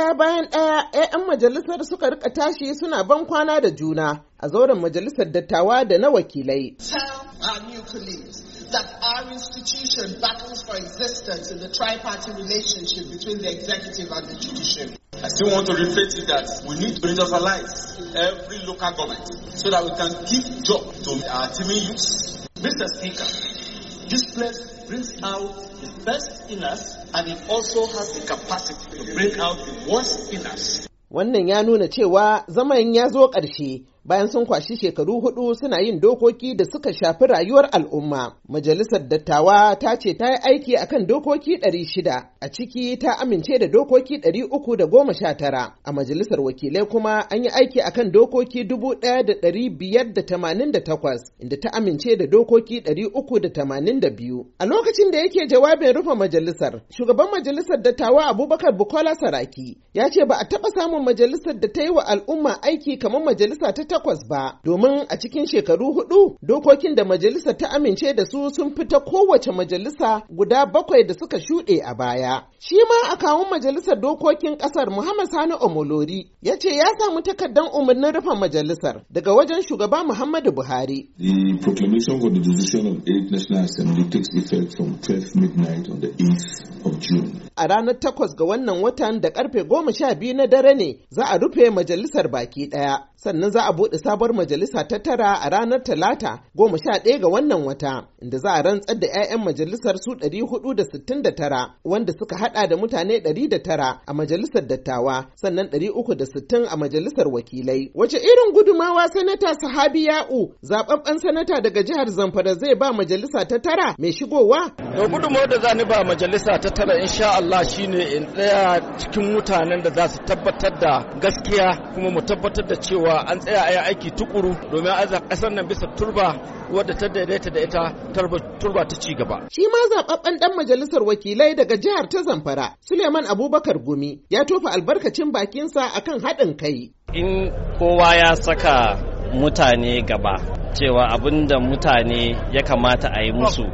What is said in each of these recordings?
Ɗaya bayan ɗaya 'ya'yan majalisar suka rika tashi suna ban kwana da juna a zauren majalisar dattawa da na wakilai. that our institution battles for existence in the relationship between the executive and the judiciary. I still want to repeat that we need to industrialize every local government so that we can give job to our teaming youths. Mr. Speaker, This place brings out the best in us and it also has the capacity to bring out the worst in us. Wannan ya nuna cewa zaman ya zo ƙarshe bayan sun kwashi shekaru hudu suna yin dokoki da suka shafi rayuwar al'umma. Majalisar dattawa ta ce ta yi aiki a kan dokoki 600 a ciki ta amince da dokoki 319 a majalisar wakilai kuma an yi aiki a kan dokoki 1588 inda ta amince da dokoki 382. A lokacin da yake jawabin rufe majalisar, shugaban majalisar dattawa Abubakar Bukola Saraki ya ce ba a taɓa samun majalisar da ta yi wa al'umma aiki kamar majalisa ta takwas ba domin a cikin shekaru hudu dokokin da majalisa ta amince da su sun fita kowace majalisa guda bakwai da suka shuɗe a baya. Shi ma a kawun majalisar dokokin ƙasar Muhammad Sani Omolori ya ce ya samu takardar umarnin rufe majalisar daga wajen shugaba Muhammadu Buhari. The proclamation for the decision of National Assembly takes effect from 12 midnight on the 8 of June. A ranar takwas ga wannan watan da karfe goma sha biyu na dare ne za a rufe majalisar baki ɗaya sannan za a buɗe sabuwar majalisa ta tara a ranar Talata goma sha ɗaya ga wannan wata, inda za a rantsar da 'ya'yan majalisar su ɗari hudu da sittin da tara, wanda suka haɗa da mutane ɗari da tara a majalisar dattawa, sannan ɗari uku da sittin a majalisar wakilai. Wace irin gudumawa sanata Sahabi Ya'u, zaɓaɓɓen sanata daga jihar Zamfara zai ba majalisa ta tara mai shigowa? to gudumawar da za ni ba majalisa ta tara insha Allah shine in tsaya cikin mutanen da za su tabbatar da gaskiya kuma mu tabbatar da cewa an tsaya a yi aiki tukuru domin aza kasar nan bisa turba wadda ta daidaita da ita turba ta ci gaba. Shi ma zaɓaɓɓen ɗan majalisar wakilai daga jihar ta Zamfara, Suleiman Abubakar Gumi, ya tofa albarkacin bakinsa akan haɗin kai. In kowa ya saka mutane gaba, cewa abin da mutane ya kamata a yi musu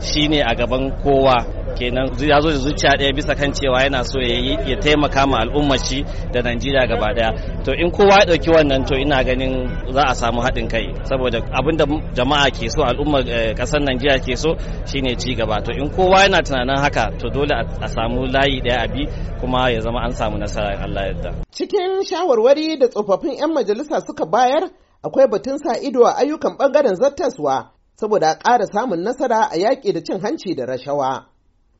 shine a gaban kowa kenan ya zo da zuciya ɗaya bisa kan cewa yana so ya taimaka ma al'ummar shi da Najeriya gaba ɗaya to in kowa ya ɗauki wannan to ina ganin za a samu haɗin kai saboda abin da jama'a ke so al'ummar eh, ƙasar Najeriya ke so shine ci gaba to in kowa yana tunanin haka to dole a samu layi ɗaya a bi kuma ya zama an samu nasara in Allah ya cikin shawarwari da tsofaffin 'yan majalisa suka bayar akwai batun sa ido a ayyukan bangaren zattaswa saboda a ƙara samun nasara a yaƙi da cin hanci da rashawa.